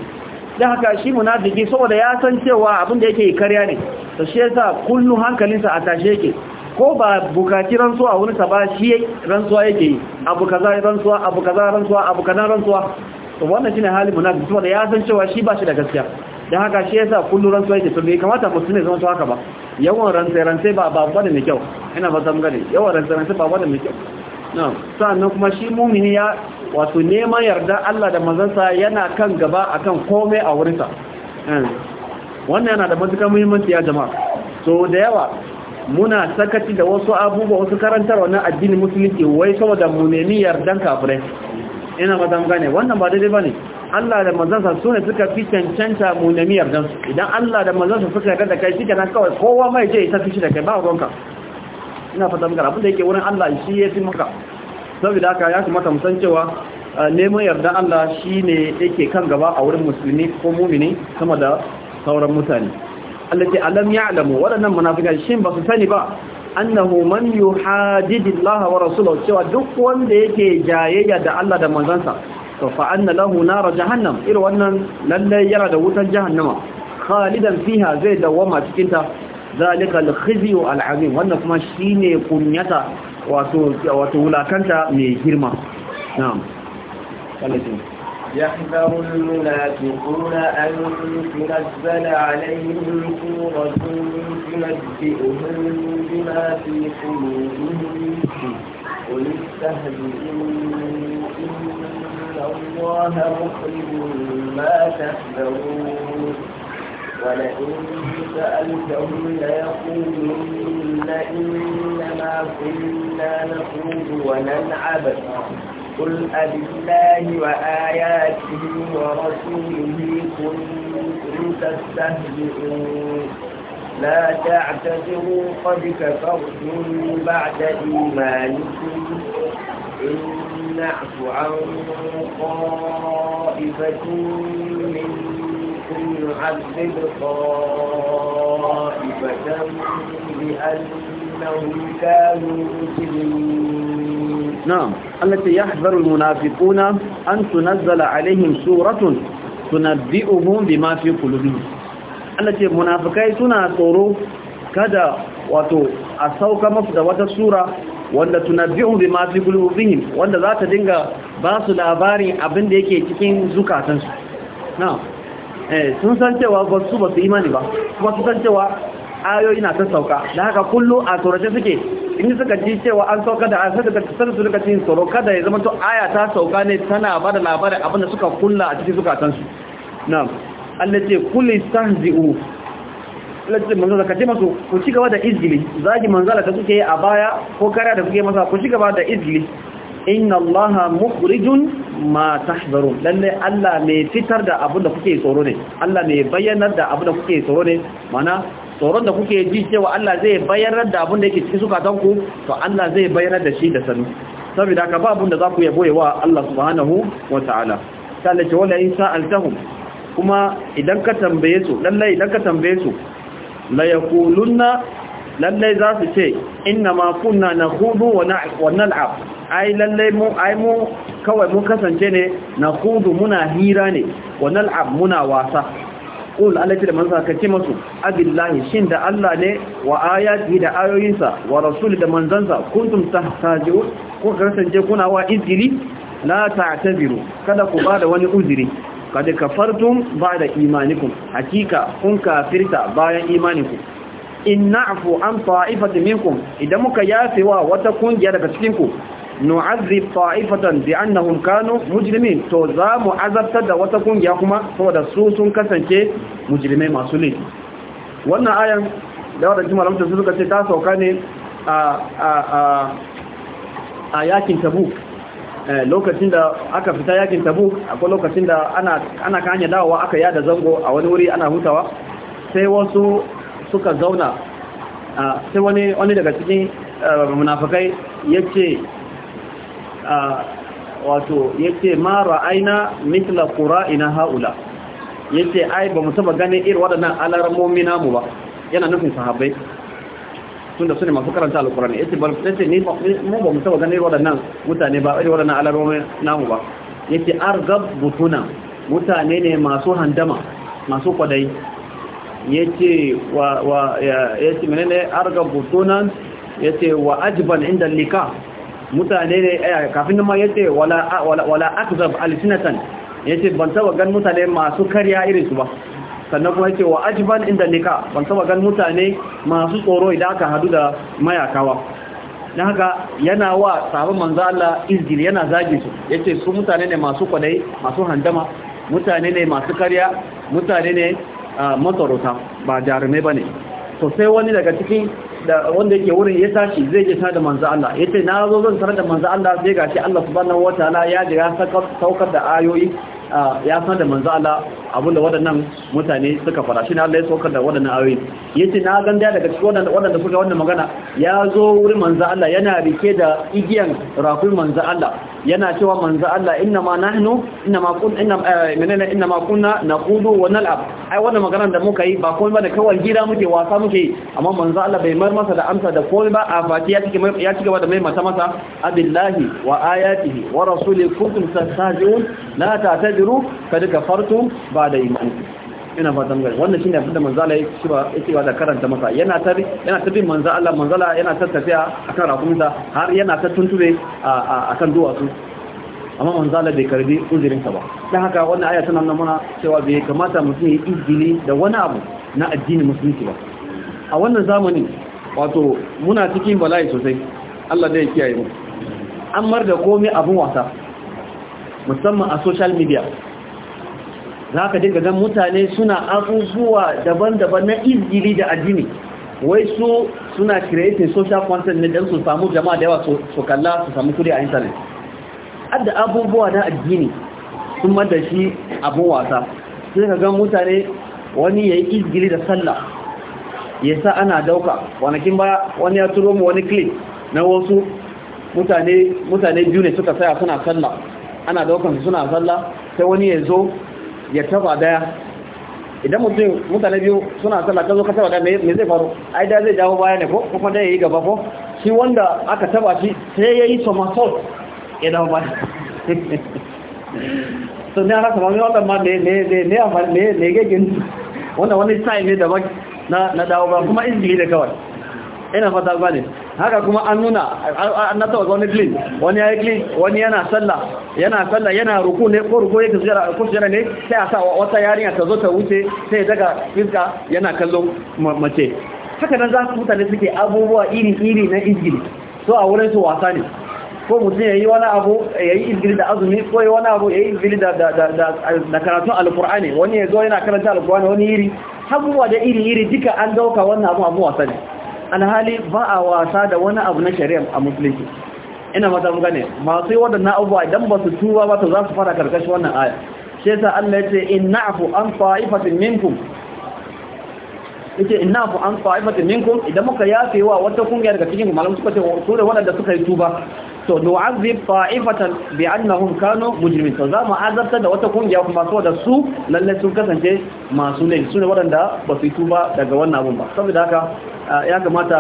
da haka shi munafiki saboda ya san cewa abin da yake karya ne to shi yasa kullu hankalinsa a tashe yake ko ba bukaci rantsuwa wani ta ba shi rantsuwa yake yi abu kaza rantsuwa abu kaza rantsuwa abu kaza rantsuwa to wannan shine halin munafiki saboda ya san cewa shi ba shi da gaskiya don haka shi yasa kullum rantsu yake to bai kamata musulmi zama to haka ba yawan rantsai rantsai ba ba ba da mai kyau ina ba zan gane yawan rantsai rantsai ba ba da mai kyau na'am sannan kuma shi mumini ya wato neman yarda Allah da manzansa yana kan gaba akan komai a wurinsa hmm. wannan yana da matukar muhimmanci ya jama'a so da yawa muna sakaci da wasu abubuwa wasu karantarwa na addinin musulunci wai saboda mu nemi yardan kafirai ina ba zan gane wannan ba daidai ba ne Allah da manzansa su ne suka fi cancanta munamiyar nemi su idan Allah da manzansa suka yarda da kai shi kana kawai kowa mai je ya tafi da kai ba ruwanka ina fata maka abin da yake wurin Allah shi ya fi maka saboda haka ya kamata mu san cewa neman yarda Allah shi ne yake kan gaba a wurin musulmi ko mumini sama da sauran mutane Allah ce alam ya'lamu waɗannan munafikan shin ba su sani ba annahu man Allah wa rasulahu cewa duk wanda yake jayayya da Allah da manzansa فأن له نار جهنم إلو أنن للي يرى دوتا جهنم خالدا فيها زيدا وما تكنت ذلك الخزي العظيم وأنك ما شيني قنيتا وتولا كنت مهرما نعم فالذين يحذر المنافقون أن تنزل عليهم كورة تنبئهم بما في قلوبهم قل استهزئوا الله مخرج ما تحذرون ولئن سألتهم ليقولن إنما كنا نخوض ونلعب قل أبالله وآياته ورسوله كنتم تستهزئون لا تعتذروا قد كفرتم بعد إيمانكم إن نعفو عن طائفة منكم نعذب طائفة لأنهم كانوا مسلمين نعم التي يحذر المنافقون أن تنزل عليهم سورة تنبئهم بما في قلوبهم التي منافقين سنة كذا وتو أصوك مفدا السورة wanda bi ma fi qulubihim wanda za ta dinga ba su labarin abin da yake cikin zukatansu na eh sun san cewa ba su ba su imani ba kuma sun san cewa ayoyi na ta sauka da haka kullu a tsorace suke in suka ji cewa an sauka da ayar suka da su suka cin tsoro kada ya zama to aya ta sauka ne tana ba da labarin abin da suka kulla a cikin zukatansu na Allah ce kullu istahzi'u lajin manzo ka ce masu ku ci gaba da izgili zagi manzala ka kuke a baya ko kara da kuke masa ku ci gaba da izgili inna allaha mukhrijun ma tahzarun lalle Allah ne fitar da abin da kuke tsoro ne Allah ne bayyanar da abin da kuke tsoro ne mana tsoron da kuke ji cewa Allah zai bayyanar da abin da yake cikin sukatan ku to Allah zai bayyanar da shi da sanu saboda ka ba abin da za ku yabo wa Allah subhanahu wa ta'ala sai ce wala in sa'altahum kuma idan ka tambaye su lalle idan ka tambaye su la yaqulunna lallai za su ce inna ma kunna hudu wa nal'ab ai lallai mu ai kawai mun kasance ne na hudu muna hira ne wa nal'ab muna wasa qul allati da mansa ce masu abillahi shin da Allah ne wa ayati da ayoyinsa wa rasuli da manzansa kuntum tahtajiu ku kasance kuna wa izgiri la ta'tabiru kada ku ba da wani uziri. kada kafartum ba da imanikum hakika kun kafirta bayan imanikum in na'fu an ta'ifatan minkum idan muka yafe wa wata kungiya daga cikin ku nu'azzib ta'ifatan bi annahum kanu mujrimin to za mu azabtar da wata kungiya kuma saboda su sun kasance mujrimai masu laifi wannan ayan da wadda jimar mutum suka ce ta sauka ne a yakin tabuk Eh, lokacin da aka fita yakin tabuk akwai lokacin da ana ana hanyar dawowa aka yada zango a wani wuri ana hutawa sai wasu suka zauna sai wani daga cikin eh, munafakai ya ce, wato ya ce, ma ra'aina kura ina haula ce, ai ba mu ganin irin waɗannan alarmomi namu ba yana nufin sahabbai tunda su ne masu karanta alkurani yace ce tace ni mu ba mu saba ganin waɗannan mutane ba irin waɗannan alamomi namu ba Ya ce argab butuna mutane ne masu handama masu kwadai ce wa wa ne menene argab butunan ce wa ajban inda lika mutane ne eh, kafin ma ce wala wala akzab alsinatan ce ban saba ganin mutane masu kariya irin su ba sannan kuma yake wa ajiban inda nika ban saba gan mutane masu tsoro idan aka hadu da mayakawa don haka yana wa sabon manzo Allah izgiri yana zagi su yace su mutane ne masu kwadai masu handama mutane ne masu karya mutane ne matsarota ba jarumai bane to sai wani daga cikin da wanda yake wurin ya tashi zai je tare da manzo Allah yace na zo zan tare da manzo Allah sai gashi Allah subhanahu wataala ya jira saukar da ayoyi ya san da manzo Allah da waɗannan mutane suka fara shi ne Allah ya saukar da waɗannan ayoyi yace na gan daya daga cikin waɗanda suka wannan magana ya zo wurin manzo Allah yana rike da igiyan rafin manzo Allah yana cewa manzo Allah inna ma nahnu inna ma kun inna eh, minna inna ma kunna naqulu wa nal'ab ai wannan magana da muka yi ba komai ba da kawai gida muke wasa muke amma manzo Allah bai mar masa da amsa da komai ba a fati ya cike ya cike da mai mata masa abillahi wa ayatihi wa rasuli kuntum tastajun la ta'tadiru kad kafartum ba'da imanikum ina fatan gari wannan shine abin da manzo Allah yake ba yake ba da karanta masa yana ta yana ta bin manzo Allah manzo yana ta tafiya akan rakunsa har yana ta tuntube kan duwatsu amma manzo bai karbi uzurin sa ba dan haka wannan aya tana nuna cewa bai kamata mutum ya izini da wani abu na addinin musulunci ba a wannan zamani wato muna cikin bala'i sosai Allah zai kiyaye mu an mar da komai abun wasa musamman a social media za ka dinga gan mutane suna abubuwa daban-daban na izgili da addini wai su suna creating social content ne don su samu jama'a da yawa su kalla su samu kudi a intanet adda abubuwa na addini sun mada shi abin wasa sai ka gan mutane wani ya yi izgili da sallah ya sa ana dauka wanakin ba wani ya turo mu wani clip na wasu mutane biyu ne suka saya suna sallah ana daukan suna sallah sai wani ya zo ya taba daya idan mutum mutane biyu suna sallah ka zo ka taba daya me zai faru ai da zai jawo baya ne ko kuma da yayi gaba ko shi wanda aka taba shi sai yayi somersault ya dawo baya so ne ana kamar wannan ma ne ne ne ne ne ne ne ne ne ne ne ne na ne dawo ne kuma ne ne kawai ina fata bane haka kuma an nuna an nata wani glin wani ya glin wani yana sallah yana sallah yana ruku ne ko ruku yake sujjara ko sujjara ne sai a sa wata yarinya ta zo ta wuce sai daga fiska yana kallon mace haka nan za su mutane suke abubuwa iri iri na izgiri so a wurin su wasa ne ko mutum ya yi wani abu ya yi da azumi ko ya wani abu ya yi izgili da karatun alkur'ani wani ya zo yana karanta alkur'ani wani iri abubuwa da iri iri duka an dauka wannan abu abu wasa ne alhali ba a wasa da wani abu na shari'a a musulunci ina mata mu gane masu yi waɗannan abubuwa idan ba su tuba ba to za su fara karkashin wannan aya shi yasa Allah ya ce in na'fu an fa'ifatin minkum yace in na'fu an ta'ifatin minkum idan muka yafe wa wata kungiya daga cikin malamu suka ce su da waɗanda suka yi tuba to nu'azzib ta'ifatan kano kanu mujrimin to za mu azabta da wata kungiya kuma da su lalle sun kasance masu laifi ne wadanda ba su yi tuba daga wannan abun ba saboda haka ya kamata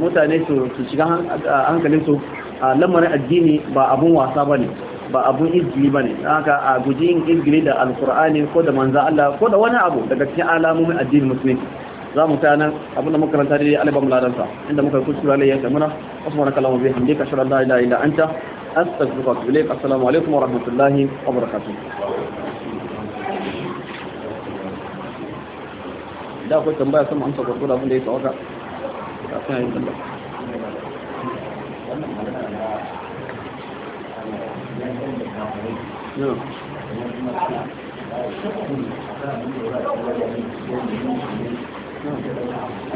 mutane su shiga hankalin su lamarin addini ba abun wasa bane ba abun izgili bane haka a guji yin izgili da alqur'ani ko da manzo Allah ko da wani abu daga cikin alamomin addinin musulunci za mu ta nan abinda muka karanta dai alibar muladansa inda muka kusa lalai ya samuna wasu mana kalama bai hamdi ka shirar da ila anta astaghfiruka wa atubu ilaik assalamu alaikum wa rahmatullahi wa barakatuh da akwai tambaya sama amsa gurgurda abin da ya tsawaka ka a yi tambaya Yeah.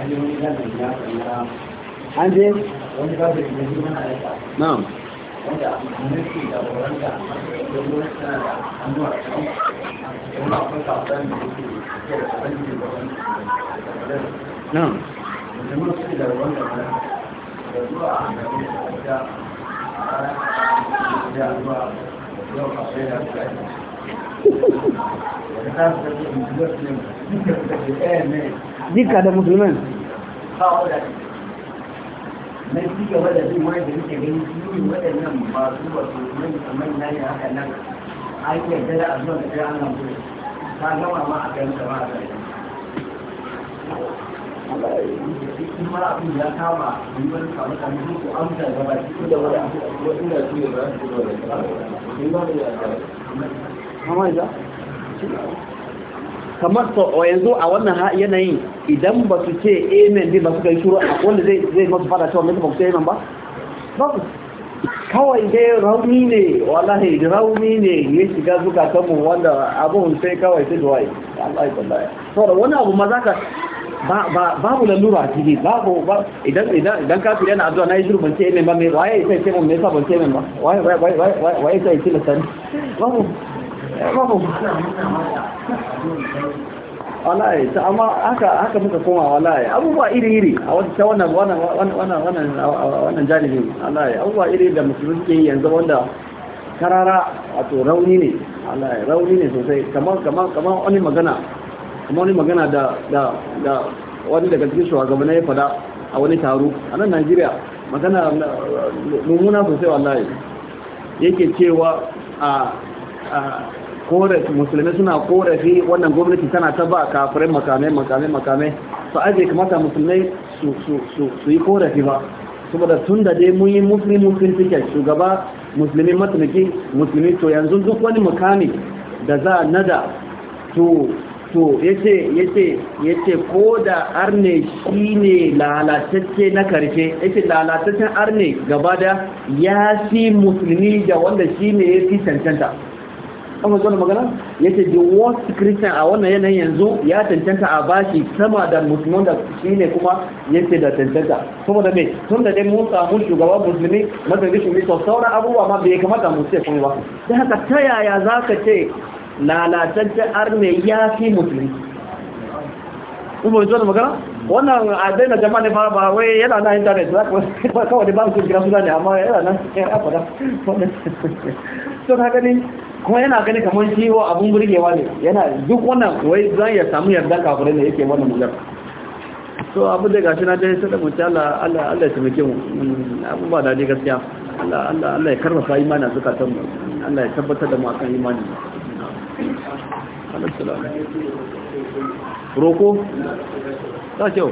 an je na'am نعم نعم duka da musulman na ci gaba da zai wani da nake gani shi ne waɗannan masu wasu na ne haka nan an yarda a zuwa da kai an lambu ta gama ma a kai kama a kai kuma abin ya kama yi wani kama kan su amsa gaba shi da wani abu da wani su ne ba su da wani ba su ya wani kamar sau yanzu a wannan yanayin idan ba su ce amen ne ba su kai shuru a wanda zai zai masu fada cewa mai ba su amen ba ba su kawai dai rauni ne wallahi rauni ne ya shiga zuka zukatanmu wanda abun sai kawai sai duwai Allah ya saboda wani abu ma zaka babu lalura a cikin ba idan idan kafin yana addu'a na yi shuru ban ce amen ba mai waye sai ce mun me yasa ban ce amen ba waye sai ce waye sani ba mu wallahi ta amma haka haka muka koma wallahi abubuwa iri iri a wata wannan wannan wannan wannan abubuwa iri da musulmi ke yanzu wanda karara wato rauni ne wallahi rauni ne sosai kamar wani magana kamar wani magana da da da wani daga cikin shugabana ya fada a wani taro a nan Najeriya magana mummuna sosai wallahi yake cewa a korafi musulmi suna korafi wannan gwamnati tana ta ba kafirai makamai makamai makamai su aje kamata musulmi su yi korafi ba saboda tun da dai mun yi musulmi musulmi suke shugaba musulmi matanaki musulmi to yanzu duk wani makami da za a nada to to yace ko da arne shine lalatacce na karshe yace lalataccen arne gaba da ya fi musulmi da wanda shine ya fi cancanta kamar zuwa magana ya ce the worst christian a wannan yanayin yanzu ya cancanta a bashi sama da musulman da shi ne kuma ce da cancanta da mai tun da dai mun samu shugaban musulmi madadin shi to sauran abubuwa ma bai kamata mu ce kuma ba da haka ta yaya za ka ce lalataccen arne ya fi musulmi kuma zuwa magana wannan a daina jama'a ne ba wai yana na intanet za ka kawai ba su gira suna ne amma yana na ya fada to ka gani kuma yana gani kamar shi wa abun burgewa ne yana duk wannan wai zan ya samu yarda kafirai ne yake wannan mujar so abu da gashi na dai sada mutu Allah Allah Allah ya taimake mu mm, abu ba da dai gaskiya Allah Allah Allah ya karfafa imanin ta mu Allah ya tabbatar da mu akan imani alhamdulillah roko ta ce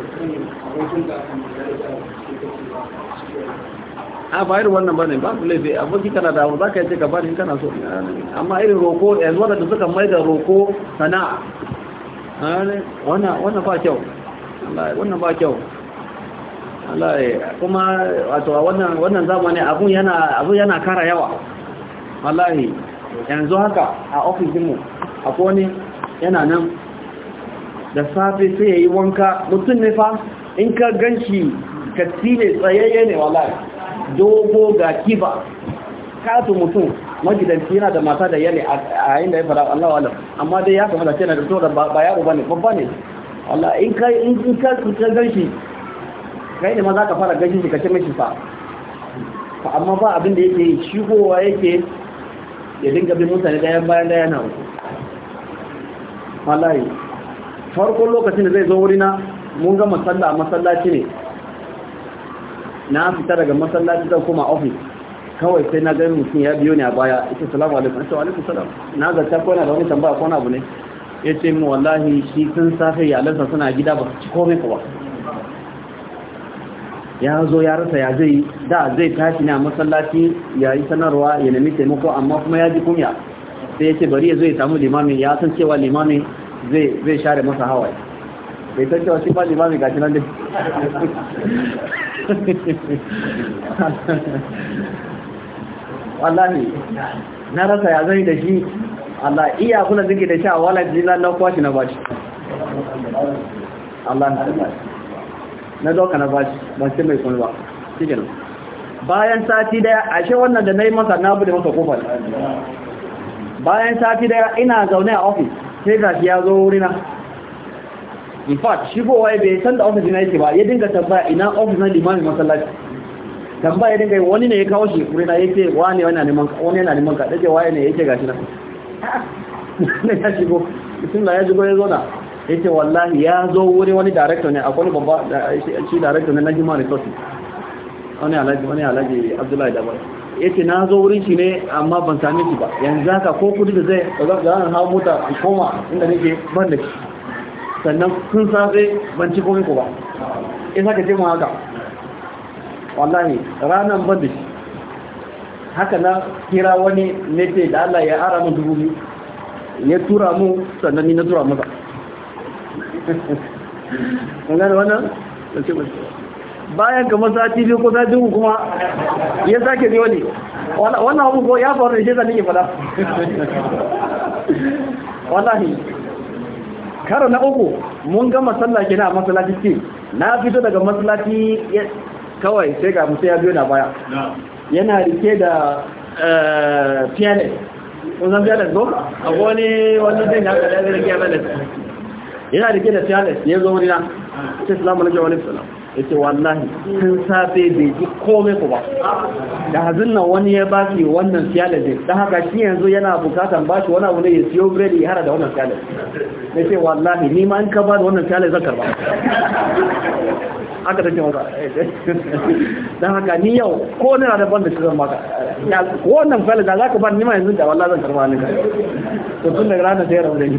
a ba irin wannan bane ba mu laifi aboki kana da za ka yi ka bani kana so amma irin roko yanzu wanda suka mai da roko sana'a wannan wannan ba kyau wannan ba kyau Allah kuma wato wannan wannan zamani abun yana abun yana kara yawa wallahi yanzu haka a ofishin mu akwai wani yana nan da safe sai yayi wanka mutum ne fa in ka ganshi ka tile tsayayye ne wallahi dogo ga kiba katu mutum magidanci yana da mata da yale a yayin da ya fara Allah alam amma dai ya kamata ce na da tsoron ba yaro bane babba ne Allah in kai in ka ka ganshi kai ne ma za ka fara ganin shi ka ce mishi fa amma ba abin da yake shigowa yake ya dinga bin mutane yan bayan daya na wallahi farkon lokacin da zai zo wurina mun ga masalla a masallaci ne na fita daga masallaci zan koma ofis kawai sai na ga mutum ya biyo ni a baya ita salamu alaikum ita wa alaikum salam na zata ko na da wani tambaya ko na abu ne ya ce mu wallahi shi sun safe iyalansa suna gida ba su ci komai ba ya zo ya rasa ya zai da zai tashi na masallaci ya yi sanarwa ya nemi taimako amma kuma ya ji kunya sai ya ce bari ya zo ya samu limamin ya san cewa limamin zai share masa hawaye Mai ta cewa shi ba mai gashi nan dai wallahi na rasa ya zai da shi Allah iya kula zuke da sha. wala jina na shi na bashi Allah na na doka na bashi ban sai mai kun ba cikin bayan sati daya ashe wannan da na yi masa na bude masa kofar bayan sati daya ina zaune a ofis sai gashi ya zo wurina in fact shi kowa wai bai san da ofis na yake ba ya dinga tambaya ina ofis na limamin masallaci tambaya ya dinga wani ne ya kawo shi kurina na yake wani yana neman ka wani yana neman ka dace waye ne ya ce gashi na ne ya shigo bismillah ya shigo ya zo na ya ce wallahi ya zo wuri wani director ne akwai babba shi director ne na human resources wani alhaji wani alhaji abdullahi dabar ya ce na zo wurin shi ne amma ban same shi ba yanzu haka ko kudi da zai za zan hau mota koma inda nake ban da shi sannan kun safe ban ci komi ku ba in haka ce mu haka wallahi ranar ban da shi haka na kira wani nefe da Allah ya ara mun dubu ya tura mu sannan ni na tura masa kun wannan bayan kamar sati biyu ko sati uku kuma ya sake ne wani wannan abubuwa ya faru da shi zan nake fada wallahi karo na uku mun ga masallaci na a masallaci ce na fito daga masallaci kawai sai ga mutum ya biyo na baya yana rike da eh, pianet kusan pianet ko a wani wani zai na kada rike pianet yana rike da pianet ya zo wani na sai salamu alaikum wa salam yake wallahi sun safe bai ji komai ku ba da hazin nan wani ya ba wannan wannan fiyalajin da haka shi yanzu yana bukatan ba shi wani abu ne ya siyo biredi ya hara da wannan fiyalajin ya ce wallahi nima in ka ba da wannan fiyalajin zakar ba aka tafi maka dan haka ni yau ko na da ban da shi zan maka ya wannan fa'ala da za ka ni ma yanzu da wallah zan karba ni to tun daga ranar sai rabu da ni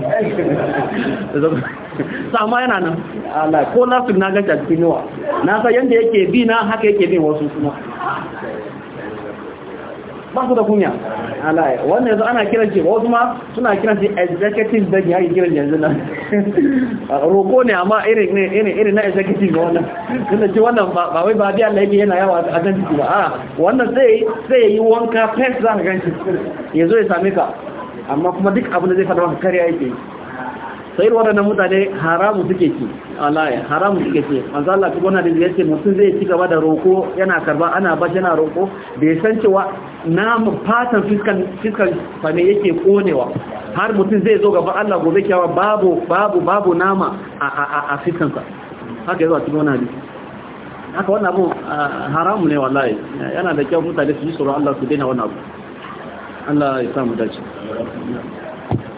sa ma yana nan Allah ko na su na ga cikin yawa na sa yanda yake bi na haka yake bin wasu kuma ba su da kunya wannan yanzu ana kiran shi wasu ma suna kiran shi executive da ya kiran yanzu nan roko ne amma irin irin na executive wannan tunda ce wannan ba wai ba biya laifi yana yawa a kan ciki ba a wannan sai sai yi wanka pesa za ka ganci yanzu ya same ka amma kuma duk abin da zai fada maka kariya yake sayar waɗannan mutane haramu suke ci alaye haramu suke ci manzo Allah duk da da yace mutum zai ci gaba da roko yana karba ana ba yana roko bai san cewa namu fatan fiskan fiskan fane yake konewa har mutum zai zo gaba Allah gobe kiyawa babu babu babu nama a a a fiskan ka haka yazo cikin wannan hadisi haka wannan abu haramu ne wallahi yana da kyau mutane su ji tsoron Allah su daina wannan abu Allah ya samu dace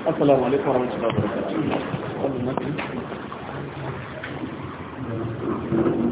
assalamu alaikum warahmatullahi wabarakatuh